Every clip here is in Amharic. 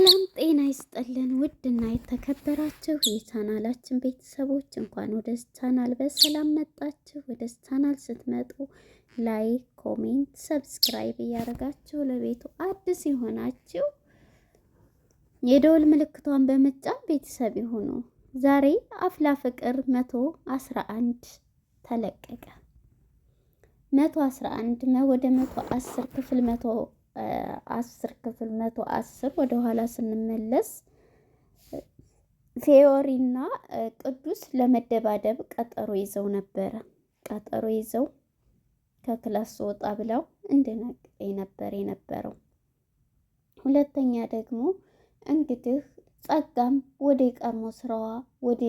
ሰላም ጤና ይስጥልን። ውድና የተከበራችሁ የቻናላችን ቤተሰቦች እንኳን ወደ ቻናል በሰላም መጣችሁ። ወደ ቻናል ስትመጡ ላይክ፣ ኮሜንት፣ ሰብስክራይብ እያደረጋችሁ ለቤቱ አዲስ የሆናችሁ የደወል ምልክቷን በመጫን ቤተሰብ የሆኑ ዛሬ አፍላ ፍቅር መቶ አስራ አንድ ተለቀቀ። መቶ አስራ አንድ ወደ መቶ አስር ክፍል መቶ አስር ክፍል መቶ አስር ወደኋላ ስንመለስ ፌዮሪና ቅዱስ ለመደባደብ ቀጠሮ ይዘው ነበረ። ቀጠሮ ይዘው ከክላስ ወጣ ብለው እንደነገረኝ ነበር የነበረው። ሁለተኛ ደግሞ እንግዲህ ጸጋም ወደ ቀድሞ ስራዋ ወደ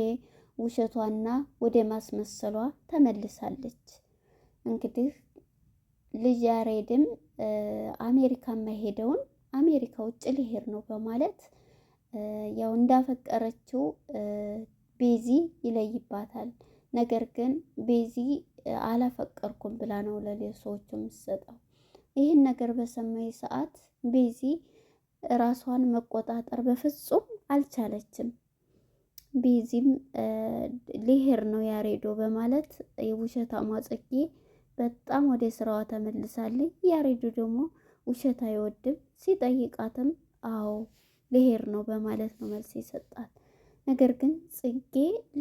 ውሸቷና ወደ ማስመሰሏ ተመልሳለች እንግዲህ ልጅ ያሬድም አሜሪካ መሄደውን አሜሪካ ውጭ ሊሄድ ነው በማለት ያው እንዳፈቀረችው ቤዚ ይለይባታል። ነገር ግን ቤዚ አላፈቀርኩም ብላ ነው ለሌሎች ሰዎች የምትሰጠው። ይህን ነገር በሰማይ ሰዓት ቤዚ ራሷን መቆጣጠር በፍጹም አልቻለችም። ቤዚም ሊሄድ ነው ያሬዶ በማለት የውሸት አማጽጌ በጣም ወደ ስራዋ ተመልሳለች። ያሬዱ ደግሞ ውሸት አይወድም። ሲጠይቃትም አዎ ልሄድ ነው በማለት ነው መልስ የሰጣት። ነገር ግን ጽጌ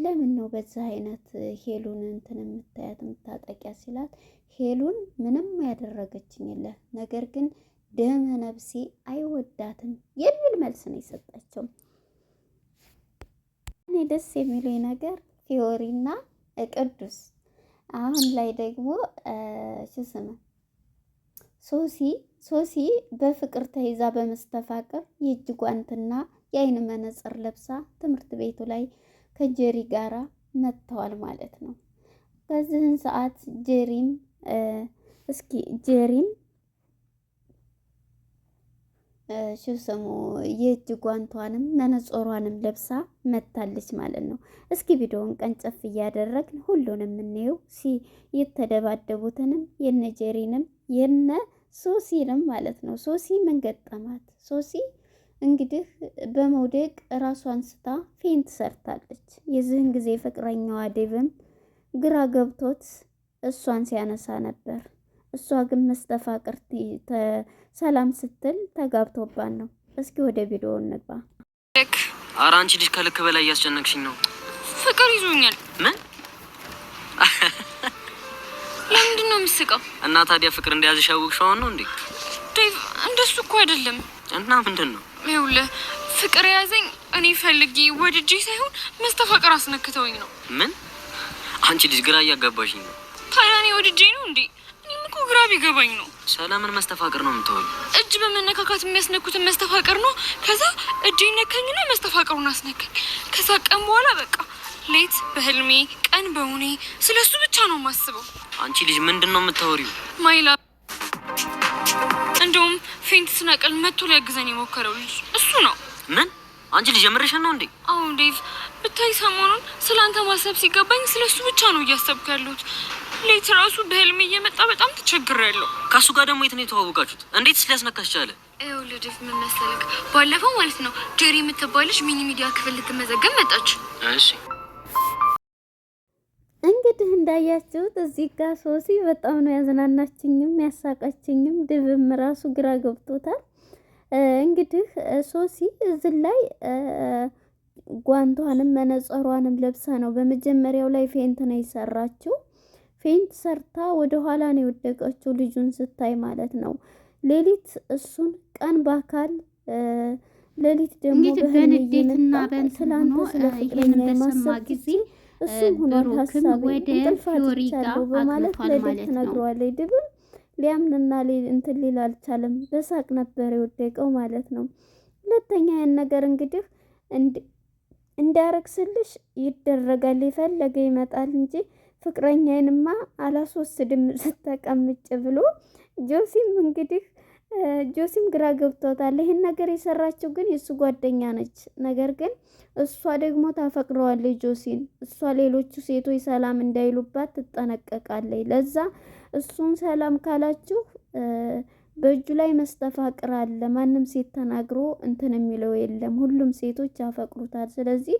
ለምን ነው በዛ አይነት ሄሉን እንትን የምታያት የምታጠቂያ ሲላት ሄሉን ምንም ያደረገችኝ የለ ነገር ግን ደመ ነብሴ አይወዳትም የሚል መልስ ነው የሰጣቸው። እኔ ደስ የሚለኝ ነገር ፊዮሪና ቅዱስ አሁን ላይ ደግሞ ስስመ ሶሲ ሶሲ በፍቅር ተይዛ በመስተፋቀር የእጅ ጓንትና የአይን መነጽር ለብሳ ትምህርት ቤቱ ላይ ከጀሪ ጋራ መጥተዋል ማለት ነው። በዚህን ሰዓት ጀሪም እስኪ ጀሪም ሽስሙ የእጅ ጓንቷንም መነጾሯንም ለብሳ መታለች ማለት ነው። እስኪ ቪዲዮውን ቀንጨፍ እያደረግን ሁሉንም እንየው። ሲ የተደባደቡትንም የነ ጀሪንም የነ ሶሲንም ማለት ነው። ሶሲ ምን ገጠማት? ሶሲ እንግዲህ በመውደቅ ራሷን ስታ ፌንት ሰርታለች። የዚህን ጊዜ ፍቅረኛዋ ዴብም ግራ ገብቶት እሷን ሲያነሳ ነበር። እሷ ግን መስተፋቅር ሰላም ስትል ተጋብቶባን ነው። እስኪ ወደ ቪዲዮ እንግባ። ኧረ አንቺ ልጅ ከልክ በላይ እያስጨነቅሽኝ ነው። ፍቅር ይዞኛል። ምን? ለምንድን ነው እና ታዲያ ፍቅር እንደያዝሽ ያወቅሽው አሁን ነው እንዴ? ዴቭ፣ እንደሱ እኮ አይደለም። እና ምንድን ነው? ይኸውልህ ፍቅር የያዘኝ እኔ ፈልጌ ወድጄ ሳይሆን መስተፋቅር አስነክተውኝ ነው። ምን? አንቺ ልጅ ግራ እያጋባሽኝ ነው። ታዲያ እኔ ወድጄ ነው እንዴ? ግራ ቢገባኝ ነው። ሰላምን መስተፋቅር ነው የምትወል። እጅ በመነካካት የሚያስነኩትን መስተፋቅር ነው። ከዛ እጅ ይነካኝና መስተፋቅሩን አስነካኝ። ከዛ ቀን በኋላ በቃ ሌት በህልሜ ቀን በሁኔ ስለ እሱ ብቻ ነው የማስበው። አንቺ ልጅ ምንድን ነው የምታወሪው? ማይላ እንደውም ፌንት ስነቅል መጥቶ ሊያግዘን የሞከረው ልጅ እሱ ነው። ምን? አንቺ ልጅ የምርሽን ነው እንዴ? አዎ ዴቭ፣ ብታይ ሰሞኑን ስለ አንተ ማሰብ ሲገባኝ ስለ እሱ ብቻ ነው እያሰብኩ ያለሁት። ሌት ራሱ በህልሜ እየመጣ በጣም ተቸግሬያለሁ። ከሱ ጋር ደግሞ የት ነው የተዋወቃችሁት? እንዴትስ ሊያስነካሽ ቻለ? ይኸው ልድፍ ምን ባለፈው ማለት ነው ጄሪ የምትባለች ሚኒ ሚዲያ ክፍል ልትመዘገብ መጣች። እሺ እንግዲህ እንዳያችሁት እዚህ ጋር ሶሲ በጣም ነው ያዝናናችኝም ያሳቃችኝም። ድብም ራሱ ግራ ገብቶታል። እንግዲህ ሶሲ እዚህ ላይ ጓንቷንም መነጸሯንም ለብሳ ነው በመጀመሪያው ላይ ፌንት ነው የሰራችው። ፌንት ሰርታ ወደ ኋላ ነው የወደቀችው ልጁን ስታይ ማለት ነው። ሌሊት እሱን ቀን በአካል ሌሊት ደግሞ በንዴትና በንትኖ ስለፍቅረኛ የማሰብ ጊዜ እሱም ሆኗል ሀሳቡ እንቅልፋትቻለ በማለት ለድብ ትነግረዋለች። ድብም ሊያምንና እንትን ሊል አልቻለም። በሳቅ ነበር የወደቀው ማለት ነው። ሁለተኛ ያን ነገር እንግዲህ እንዳረግስልሽ ይደረጋል የፈለገ ይመጣል እንጂ ፍቅረኛዬንማ አላስወስድም ስተቀምጭ ብሎ ጆሲም እንግዲህ ጆሲም ግራ ገብቷታል። ይህን ነገር የሰራችው ግን የእሱ ጓደኛ ነች። ነገር ግን እሷ ደግሞ ታፈቅረዋለች ጆሲን። እሷ ሌሎቹ ሴቶች ሰላም እንዳይሉባት ትጠነቀቃለች። ለዛ እሱን ሰላም ካላችሁ በእጁ ላይ መስተፋቅር አለ። ማንም ሴት ተናግሮ እንትን የሚለው የለም። ሁሉም ሴቶች ያፈቅሩታል። ስለዚህ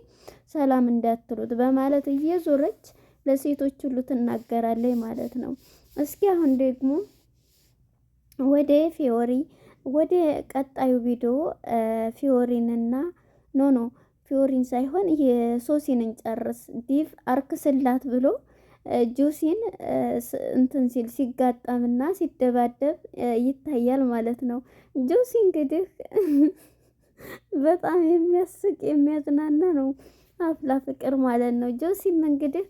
ሰላም እንዳትሉት በማለት እየዞረች ለሴቶች ሁሉ ትናገራለች ማለት ነው። እስኪ አሁን ደግሞ ወደ ፊዮሪ ወደ ቀጣዩ ቪዲዮ ፊዮሪንና ኖ ኖ ፊዮሪን ሳይሆን የሶሲን እንጨርስ ዲቭ አርክስላት ብሎ ጆሲን እንትን ሲል ሲጋጠምና ሲደባደብ ይታያል ማለት ነው። ጆሲ እንግዲህ በጣም የሚያስቅ የሚያዝናና ነው አፍላ ፍቅር ማለት ነው። ጆሲም እንግዲህ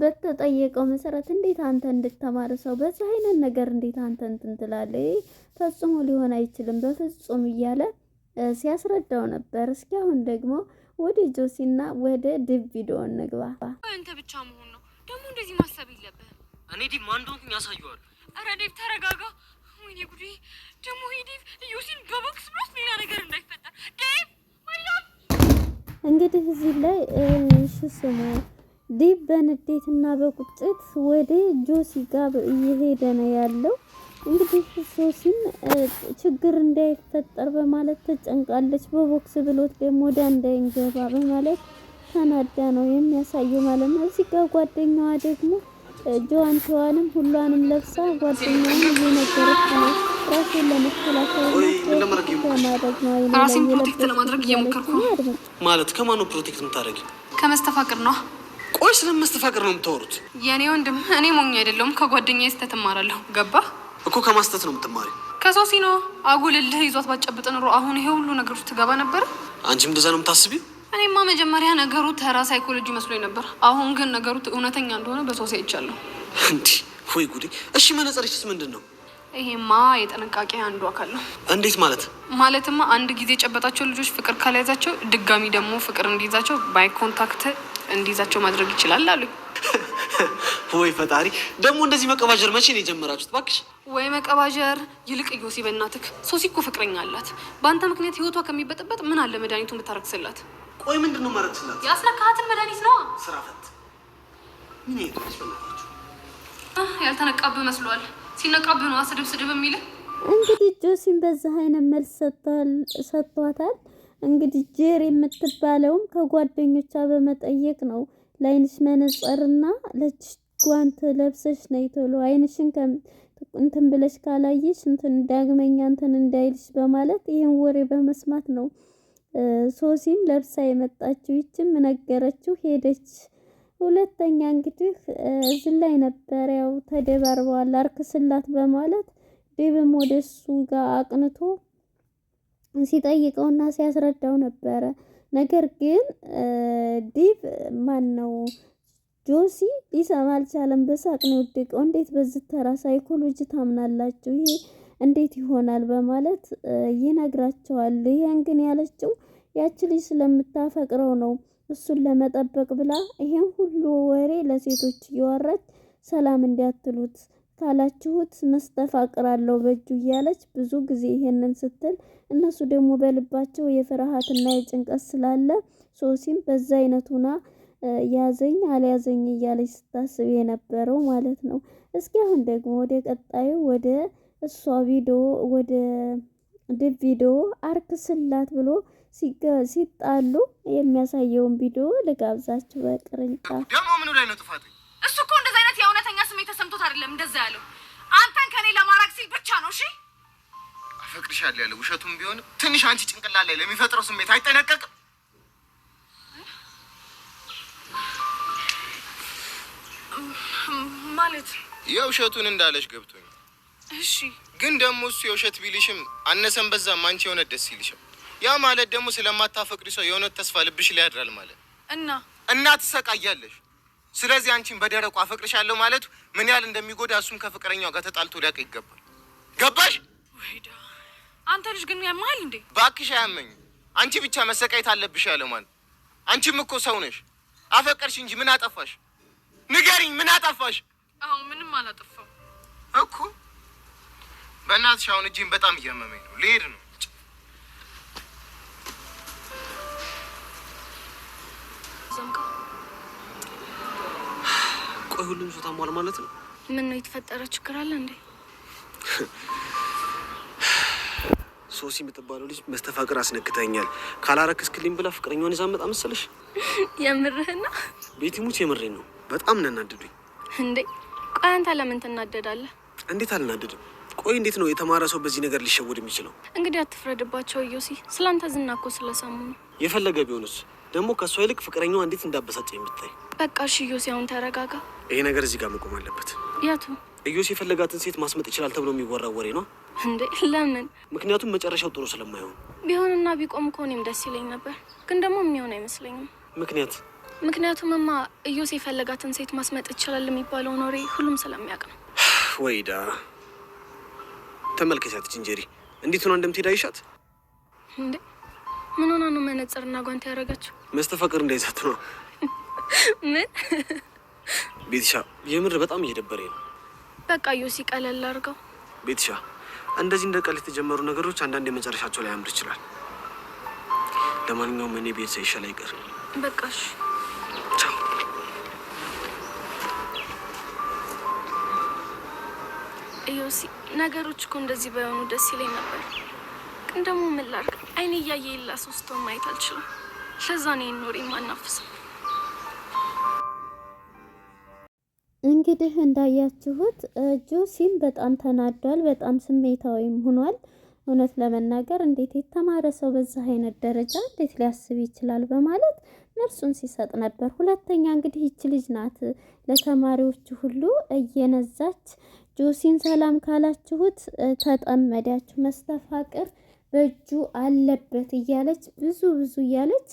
በተጠየቀው መሰረት እንዴት አንተ እንድተማረ ሰው በዚህ አይነት ነገር እንዴት አንተ እንትን ትላለህ? ፈጽሞ ሊሆን አይችልም በፍጹም እያለ ሲያስረዳው ነበር። እስኪ አሁን ደግሞ ወደ ጆሲና ወደ ድብ ንግባ። አንተ ብቻ መሆን ነው ደግሞ እንደዚህ ማሰብ የለብህም። እኔ ዲብ ማን እንደሆንኩኝ ያሳየዋል። ኧረ ዴብ ተረጋጋ። ወይኔ ጉዴ ደግሞ ዴብ ዮሲን በቦክስ ብሎት ሌላ ነገር እንዳይፈጠር ዴብ እንግዲህ እዚህ ላይ እሺ ስሙ ዲብ በንዴትና በቁጭት ወደ ጆሲ ጋር እየሄደ ነው ያለው። እንግዲህ ሶሲም ችግር እንዳይፈጠር በማለት ተጨንቃለች። በቦክስ ብሎት ደግሞ ወደ እንዳይንገባ በማለት ተናዳ ነው የሚያሳየው ማለት ነው። እዚህ ጋር ጓደኛዋ ደግሞ ጆዋንቲዋንም ሁሏንም ለብሳ ጓደኛውን እየነገረች ነው ራሴን ለመከላከል ነው። ራሴን ፕሮቴክት ለማድረግ እየሞከርኩ ማለት ከማኑ ፕሮቴክት ምታደረግ ከመስተፋቅር ነው ቆይ ስለምትፈቅር ነው የምታወሩት? የእኔ ወንድም እኔ ሞኝ አይደለሁም። ከጓደኛ ስህተት እማራለሁ። ገባ እኮ ከማስተት ነው የምትማሪ። ከሶሲ ነው አጉልልህ ይዟት ባጨብጥ ኑሮ አሁን ይሄ ሁሉ ነገር ትገባ ነበር። አንቺም እንደዛ ነው የምታስቢው? እኔማ መጀመሪያ ነገሩ ተራ ሳይኮሎጂ መስሎኝ ነበር። አሁን ግን ነገሩ እውነተኛ እንደሆነ በሶሲ አይቻለሁ። እንዲህ ወይ ጉዴ! እሺ መነጽርሽስ ምንድን ነው? ይሄማ የጥንቃቄ አንዱ አካል ነው። እንዴት ማለት? ማለትማ አንድ ጊዜ የጨበጣቸው ልጆች ፍቅር ካልያዛቸው ድጋሚ ደግሞ ፍቅር እንዲይዛቸው ባይ ኮንታክት እንዲይዛቸው ማድረግ ይችላል አሉኝ። ወይ ፈጣሪ! ደግሞ እንደዚህ መቀባጀር መቼ ነው የጀመራችሁት? እባክሽ ወይ መቀባጀር። ይልቅ ዮሲ፣ በእናትህ ሶሲ እኮ ፍቅረኛ አላት። በአንተ ምክንያት ህይወቷ ከሚበጥበት ምን አለ መድኃኒቱን ብታረግስላት። ቆይ ምንድን ነው ማረክስላት? ያስነካሃትን መድኃኒት ነው። ስራ ፈት ምን ያልተነቃብህ መስሏል። ሲነቃብህ ነው ስድብ ስድብ የሚልህ። እንግዲህ ጆሲን በዛ አይነት መልስ ሰጥቷታል። እንግዲህ ጄር የምትባለውም ከጓደኞቿ በመጠየቅ ነው። ለአይንሽ መነጽርና ለች ጓንት ለብሰሽ ነይ ቶሎ አይንሽን እንትን ብለሽ ካላየሽ እንትን ዳግመኛ እንትን እንዳይልሽ በማለት ይህን ወሬ በመስማት ነው ሶሲም ለብሳ የመጣችው። ይችም ነገረችው፣ ሄደች። ሁለተኛ እንግዲህ እዚህ ላይ ነበር ያው ተደባርበዋል። አርክስላት በማለት ዴብም ወደሱ ጋር አቅንቶ ሲጠይቀውና ሲያስረዳው ነበረ። ነገር ግን ዲቭ ማን ነው ጆሲ ሊሰማ አልቻለም። በሳቅ ነው የወደቀው። እንዴት በዚህ ተራ ሳይኮሎጂ ታምናላችሁ? ይሄ እንዴት ይሆናል? በማለት ይነግራቸዋል። ይሄን ግን ያለችው ያቺ ልጅ ስለምታፈቅረው ነው እሱን ለመጠበቅ ብላ ይሄን ሁሉ ወሬ ለሴቶች እያወራች ሰላም እንዲያትሉት ካላችሁት መስጠፍ አቅራለሁ በእጁ እያለች ብዙ ጊዜ ይሄንን ስትል፣ እነሱ ደግሞ በልባቸው የፍርሃትና የጭንቀት ስላለ ሶሲም በዛ አይነት ሆና ያዘኝ አልያዘኝ እያለች ስታስብ የነበረው ማለት ነው። እስኪ አሁን ደግሞ ወደ ቀጣዩ ወደ እሷ ቪዲዮ ወደ ድብ ቪዲዮ አርክ ስላት ብሎ ሲጣሉ የሚያሳየውን ቪዲዮ ልጋብዛችሁ። በቅርንጫፍ ደግሞ ምኑ ላይ ነው እሱ እኮ እንደዚ አይነት የእውነተኛ አይደለም እንደዛ ያለው አንተን ከኔ ለማራቅ ሲል ብቻ ነው። እሺ አፈቅርሻለሁ ያለው ውሸቱም ቢሆን ትንሽ አንቺ ጭንቅላት ላይ ለሚፈጥረው ስሜት አይጠነቀቅም። ማለት የውሸቱን እንዳለሽ ገብቶኝ። እሺ ግን ደግሞ እሱ የውሸት ቢልሽም አነሰን በዛም አንቺ የሆነ ደስ ይልሻል። ያ ማለት ደግሞ ስለማታፈቅሪ ሰው የእውነት ተስፋ ልብሽ ላይ ያድራል ማለት እና እና ትሰቃያለሽ ስለዚህ አንቺን በደረቁ አፈቅርሻለሁ ማለቱ ምን ያህል እንደሚጎዳ እሱም ከፍቅረኛው ጋር ተጣልቶ ሊያውቅ ይገባል። ገባሽ? አንተ ልጅ ግን ያማል እንዴ? ባክሽ አያመኝ። አንቺ ብቻ መሰቃየት አለብሽ ያለ ማለት አንቺም እኮ ሰው ነሽ። አፈቀርሽ እንጂ ምን አጠፋሽ? ንገሪኝ፣ ምን አጠፋሽ? አዎ ምንም አላጠፋው እኮ። በእናትሽ አሁን እጅን በጣም እያመመኝ ነው፣ ልሄድ ነው ሁሉም ሰው ታሟል ማለት ነው። ምን ነው የተፈጠረ ችግር አለ እንዴ? ሶሲ የምትባለው ልጅ መስተፋቅር አስነክተኛል ካላረክስክልኝ ብላ ፍቅረኛውን ይዛ መጣ መሰለሽ። የምርህና? ቤቲ ሙት የምሬን ነው። በጣም ነናድዱኝ እንዴ ቆይ አንተ ለምን ትናደዳለህ? እንዴት አልናደድም። ቆይ እንዴት ነው የተማረ ሰው በዚህ ነገር ሊሸወድ የሚችለው? እንግዲህ አትፍረድባቸው። እዮሲ ስላንተ ዝናኮ ስለሰሙ ነው። የፈለገ ቢሆንስ ደግሞ ከእሷ ይልቅ ፍቅረኛዋ እንዴት እንዳበሳጨ የምታይ። በቃ እሺ ዮሴ፣ አሁን ተረጋጋ። ይሄ ነገር እዚህ ጋር መቆም አለበት። ያቱ ኢዮሴ የፈለጋትን ሴት ማስመጥ ይችላል ተብሎ የሚወራ ወሬ ነው እንዴ? ለምን? ምክንያቱም መጨረሻው ጥሩ ስለማይሆን። ቢሆንና ቢቆም ከሆኔም ደስ ይለኝ ነበር፣ ግን ደግሞ የሚሆን አይመስለኝም። ምክንያት ምክንያቱምማ ኢዮሴ የፈለጋትን ሴት ማስመጥ ይችላል የሚባለውን ወሬ ሁሉም ስለሚያውቅ ነው። ወይዳ ተመልከቻት ጅንጀሪ እንዴት ሆና እንደምትሄድ አይሻት እንዴ? ምን ሆና ነው መነጽርና ጓንት ያደረገችው? መስተፈቅር እንዳይዛት ነው። ምን ቤትሻ፣ የምር በጣም እየደበረ ነው። በቃ ዮሲ፣ ቀለል አድርገው። ቤትሻ፣ እንደዚህ እንደ ቀል የተጀመሩ ነገሮች አንዳንድ የመጨረሻቸው ላይ ያምር ይችላል። ለማንኛውም እኔ ቤት ሳይሻል አይቀር። በቃ ዮሲ፣ ነገሮች እኮ እንደዚህ ባይሆኑ ደስ ይለኝ ነበር፣ ግን ደግሞ ምን ላድርግ? አይኔ እያየ የላ ሶስቶን ማየት አልችልም። ሸዛኔ ነው የማናፍስ። እንግዲህ እንዳያችሁት ጆሲም በጣም ተናዷል፣ በጣም ስሜታዊም ሆኗል። እውነት ለመናገር እንዴት የተማረ ሰው በዛ አይነት ደረጃ እንዴት ሊያስብ ይችላል? በማለት መልሱን ሲሰጥ ነበር። ሁለተኛ እንግዲህ ይች ልጅ ናት ለተማሪዎቹ ሁሉ እየነዛች ጆሲን ሰላም ካላችሁት ተጠመዳችሁ፣ መስተፋቅር በእጁ አለበት እያለች ብዙ ብዙ እያለች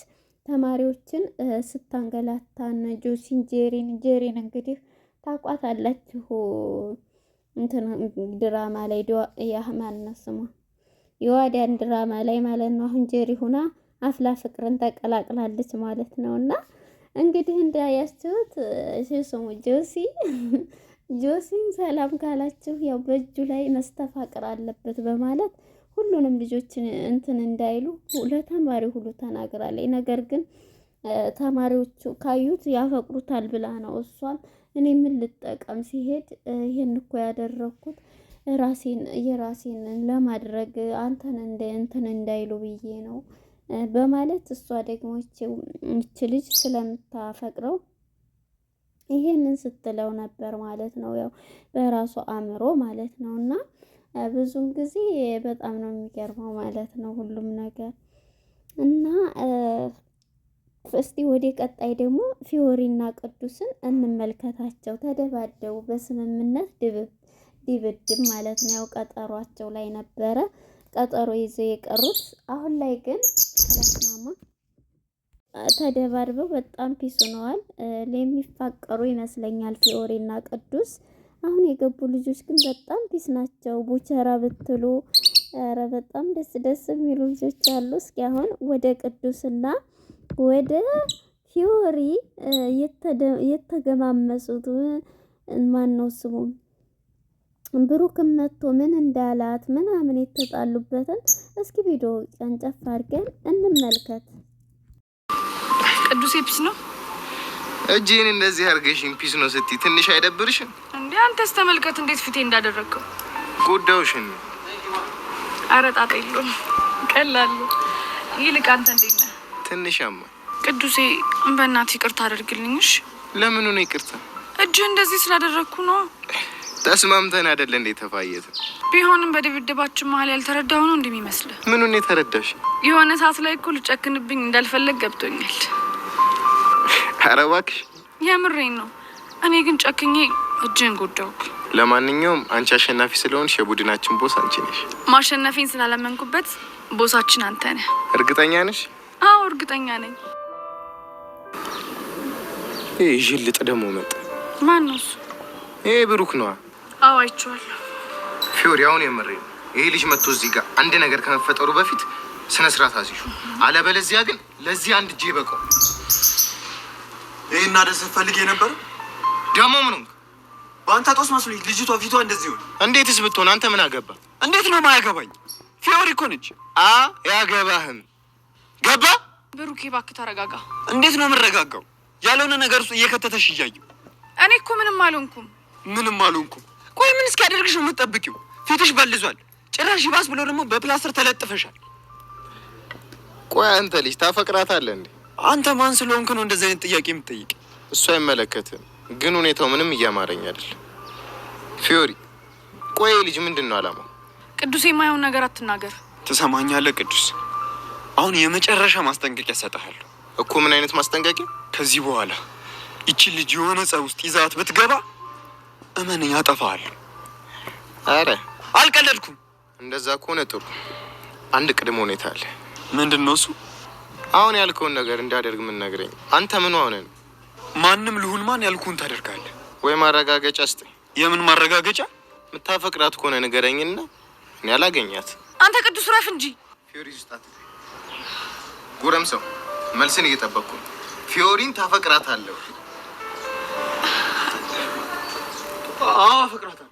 ተማሪዎችን ስታንገላታን ጆሲን ጄሪን ጄሪን እንግዲህ ታቋታላችሁ እንትን ድራማ ላይ ያህማን ስሟ የዋዲያን ድራማ ላይ ማለት ነው። አሁን ጀሪ ሁና አፍላ ፍቅርን ተቀላቅላለች ማለት ነው። እና እንግዲህ እንዳያችሁት ስሙ ጆሲ ጆሲን ሰላም ካላችሁ ያው በእጁ ላይ መስተፋቅር አለበት በማለት ሁሉንም ልጆች እንትን እንዳይሉ ለተማሪ ሁሉ ተናግራለች። ነገር ግን ተማሪዎቹ ካዩት ያፈቅሩታል ብላ ነው። እሷም እኔ ምን ልጠቀም ሲሄድ ይህን እኮ ያደረግኩት ራሴን የራሴን ለማድረግ አንተን እንትን እንዳይሉ ብዬ ነው በማለት እሷ ደግሞ ይች ልጅ ስለምታፈቅረው ይሄንን ስትለው ነበር ማለት ነው። ያው በራሱ አእምሮ ማለት ነው እና ብዙን ጊዜ በጣም ነው የሚገርመው ማለት ነው ሁሉም ነገር እና እስቲ ወደ ቀጣይ ደግሞ ፊዮሪና ቅዱስን እንመልከታቸው። ተደባደቡ፣ በስምምነት ድብድብ ማለት ነው። ያው ቀጠሯቸው ላይ ነበረ ቀጠሮ ይዘው የቀሩት። አሁን ላይ ግን ተለስማማ ተደባድበው በጣም ፒስ ሆነዋል። ለሚፋቀሩ ይመስለኛል ፊዮሪና ቅዱስ አሁን የገቡ ልጆች ግን በጣም ፒስ ናቸው። ቡቸራ ብትሉ ኧረ በጣም ደስ ደስ የሚሉ ልጆች አሉ። እስኪ አሁን ወደ ቅዱስና ወደ ፊዮሪ የተገማመሱት ማን ነው ስሙ? ብሩክም መጥቶ ምን እንዳላት ምናምን የተጣሉበትን እስኪ ቪዲዮ ጨንጨፍ አድርገን እንመልከት። ቅዱሴ ፒስ ነው እጅህን እንደዚህ አድርገሽን ፒስ ነው ስትይ ትንሽ አይደብርሽም? እንዴ አንተስ ተመልከት እንዴት ፊቴ እንዳደረግከው። ጉዳዩሽን ኧረ ጣጣ የለውም ቀላል። ይልቅ አንተ እንዴት ነህ? ትንሽ አማ ቅዱሴ በእናትህ ይቅርታ አድርግልኝሽ። ለምኑ ነው ይቅርታ? እጅህ እንደዚህ ስላደረግኩ ነው። ተስማምተን አይደለ እንዴ ተፋየት? ቢሆንም በድብድባችን መሀል ያልተረዳሁ ነው እንደሚመስልህ። ምኑን የተረዳሽ? የሆነ ሰዓት ላይ እኮ ልጨክንብኝ እንዳልፈለግ ገብቶኛል። ኧረ እባክሽ የምሬን ነው። እኔ ግን ጨክኜ እጅን ጉዳውክ። ለማንኛውም አንቺ አሸናፊ ስለሆንሽ የቡድናችን ቦስ አንቺ ነሽ። ማሸነፊን ስላለመንኩበት ቦሳችን አንተ ነህ። እርግጠኛ ነሽ? አዎ እርግጠኛ ነኝ። ይህ ዥልጥ ደግሞ መጣ። ማን ነው እሱ? ይህ ብሩክ ነዋ። አዎ አይቼዋለሁ። ፊዮሪ፣ አሁን የምሬ ነው። ይሄ ልጅ መጥቶ እዚህ ጋር አንድ ነገር ከመፈጠሩ በፊት ስነ ስርዓት አስይሹ፣ አለበለዚያ ግን ለዚህ አንድ እጄ በቀው። ይህ ደስ ፈልጌ ነበር ደግሞ ምንም በአንተ ጦስ መስሎኝ ልጅቷ ፊቷ እንደዚህ ሆነ። እንዴትስ ብትሆን አንተ ምን አገባ? እንዴት ነው ማያገባኝ? ፊዮሪ እኮ ነች። አ ያገባህም ገባ። ብሩኬ እባክህ ተረጋጋ። እንዴት ነው የምረጋጋው? ያልሆነ ነገር ውስጥ እየከተተሽ እያየሁ እኔ እኮ ምንም አልሆንኩም። ምንም አልሆንኩም። ቆይ ምን እስኪያደርግሽ ነው የምትጠብቂው? ፊትሽ በልዟል። ጭራሽ ይባስ ብሎ ደግሞ በፕላስተር ተለጥፈሻል። ቆይ አንተ ልጅ ታፈቅራታለህ እንዴ? አንተ ማን ስለሆንክ ነው እንደዚህ አይነት ጥያቄ የምትጠይቅ? እሱ አይመለከትም ግን ሁኔታው ምንም እያማረኝ አይደል። ፊዮሪ፣ ቆይ ልጅ ምንድን ነው አላማው? ቅዱስ የማየውን ነገር አትናገር። ትሰማኛለህ ቅዱስ? አሁን የመጨረሻ ማስጠንቀቂያ እሰጥሃለሁ እኮ። ምን አይነት ማስጠንቀቂያ? ከዚህ በኋላ ይቺ ልጅ የሆነ ጸብ ውስጥ ይዛት ብትገባ እመነኝ አጠፋሃለሁ። አረ አልቀለድኩም። እንደዛ ከሆነ ጥሩ፣ አንድ ቅድመ ሁኔታ አለ። ምንድን ነው እሱ? አሁን ያልከውን ነገር እንዳደርግ ምን ነግረኝ። አንተ ምን ነው ማንም ልሁን ማን ያልኩን ታደርጋለህ ወይ? ማረጋገጫ ስጠኝ። የምን ማረጋገጫ? የምታፈቅራት ከሆነ ንገረኝና እኔ አላገኛት። አንተ ቅዱስ ረፍ እንጂ ፊዮሪ ስጣት። ጉረም ሰው መልስን እየጠበቅኩ ፊዮሪን ታፈቅራታለህ? አዎ አፈቅራታለሁ።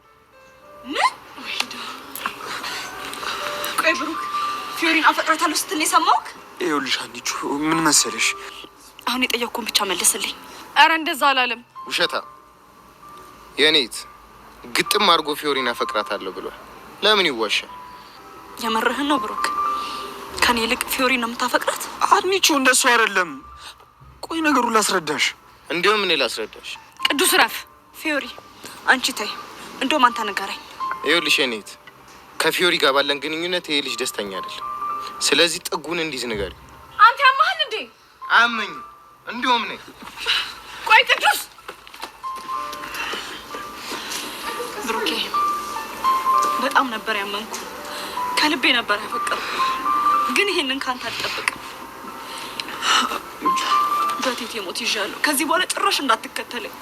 ቆይ ብሩክ፣ ፊዮሪን አፈቅራታለሁ ስትል ነው የሰማሁህ? ይኸውልሽ አንቺ ምን መሰለሽ፣ አሁን የጠየቅኩህን ብቻ መለስልኝ። አረ እንደዛ አላለም። ውሸታ የኔት ግጥም አድርጎ ፊዮሪን አፈቅራታለሁ ብሏል። ለምን ይዋሻል? የመርህን ነው ብሩክ። ከኔ ይልቅ ፊዮሪ ነው የምታፈቅራት? አድሚቹ እንደሱ አይደለም። ቆይ ነገሩን ላስረዳሽ። እንዲሁም እኔ ላስረዳሽ። ቅዱስ ረፍ ፊዮሪ አንቺ ተይ፣ እንደውም አንተ ንገረኝ። ይኸውልሽ የኔት ከፊዮሪ ጋር ባለን ግንኙነት ይሄ ልጅ ደስተኛ አይደለም። ስለዚህ ጥጉን እንዲዝ ንገሪ። አንተ ያመሃል እንዴ? አመኝ እንደውም ነኝ መንፈሳዊ ቅዱስ ብሩኬ፣ በጣም ነበር ያመንኩ፣ ከልቤ ነበር ያፈቀሩ። ግን ይሄንን ካንተ አልጠብቅም። በቴቴ ሞት ይዣለሁ። ከዚህ በኋላ ጭራሽ እንዳትከተለኝ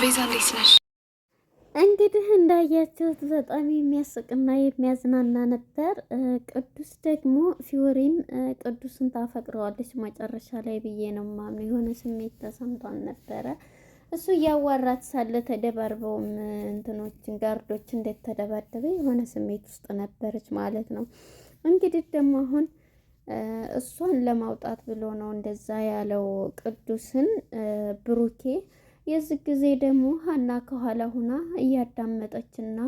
ቤዛ። እንዴት ነሽ? እንግዲህ እንዳያችሁት በጣም የሚያስቅና የሚያዝናና ነበር። ቅዱስ ደግሞ ፊዮሪም ቅዱስን ታፈቅረዋለች መጨረሻ ላይ ብዬ ነው የማምነው። የሆነ ስሜት ተሰምቷን ነበረ። እሱ እያዋራት ሳለ ተደባርበውም እንትኖችን ጋርዶች እንደተደባደበ የሆነ ስሜት ውስጥ ነበረች ማለት ነው። እንግዲህ ደግሞ አሁን እሷን ለማውጣት ብሎ ነው እንደዛ ያለው ቅዱስን ብሩኬ የዚህ ጊዜ ደግሞ ሀና ከኋላ ሁና እያዳመጠችና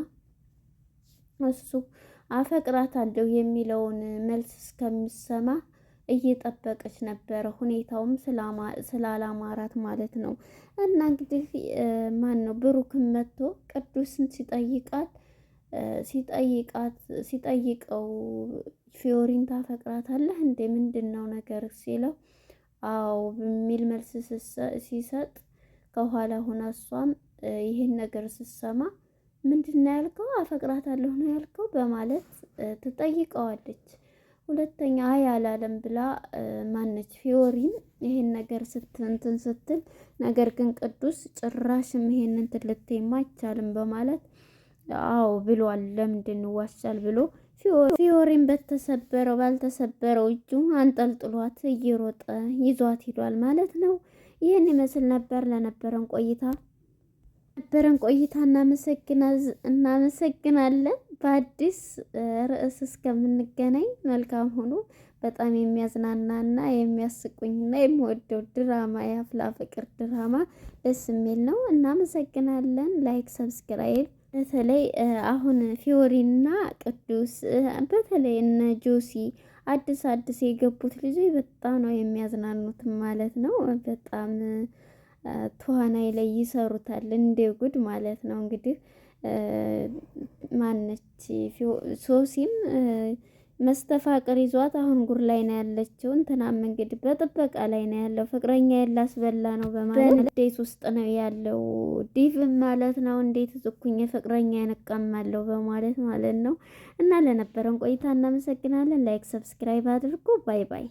እሱ አፈቅራታለሁ የሚለውን መልስ እስከሚሰማ እየጠበቀች ነበረ። ሁኔታውም ስላላማራት ማለት ነው። እና እንግዲህ ማን ነው ብሩክን መጥቶ ቅዱስን ሲጠይቃት ሲጠይቃት ሲጠይቀው ፊዮሪን ታፈቅራታለህ እንዴ ምንድን ነው ነገር ሲለው አዎ በሚል መልስ ሲሰጥ ከኋላ ሁና እሷም ይህን ነገር ስትሰማ ምንድን ነው ያልከው? አፈቅራታለሁ ነው ያልከው? በማለት ትጠይቀዋለች። ሁለተኛ አይ አላለም ብላ ማነች ፊዮሪም ይሄን ነገር ስትንትን ስትል፣ ነገር ግን ቅዱስ ጭራሽም ይሄንን ትልትማ አይቻልም በማለት አዎ ብሏል። ለምንድን ዋሻል ብሎ ፊዮሪን በተሰበረው ባልተሰበረው እጁ አንጠልጥሏት እየሮጠ ይዟት ሂዷል ማለት ነው። ይህን ይመስል ነበር። ለነበረን ቆይታ ነበረን ቆይታ እናመሰግናለን። በአዲስ ርዕስ እስከምንገናኝ መልካም ሁኑ። በጣም የሚያዝናናና የሚያስቁኝና የሚወደው ድራማ የአፍላ ፍቅር ድራማ ደስ የሚል ነው። እናመሰግናለን። ላይክ፣ ሰብስክራይብ በተለይ አሁን ፊዮሪና ቅዱስ በተለይ እነ ጆሲ አዲስ አዲስ የገቡት ልጆች በጣም ነው የሚያዝናኑት ማለት ነው። በጣም ተዋናይ ላይ ይሰሩታል እንደ ጉድ ማለት ነው። እንግዲህ ማነች ሶሲም መስተፋቅር ይዟት አሁን ጉር ላይ ነው ያለችው። እንትናም እንግዲህ በጥበቃ ላይ ነው ያለው። ፍቅረኛ የላስበላ ነው በማለት እንዴት ውስጥ ነው ያለው ዲቭም ማለት ነው። እንዴት ዝኩኝ ፍቅረኛ ያነቃማለሁ በማለት ማለት ነው። እና ለነበረን ቆይታ እናመሰግናለን። ላይክ ሰብስክራይብ አድርጉ። ባይ ባይ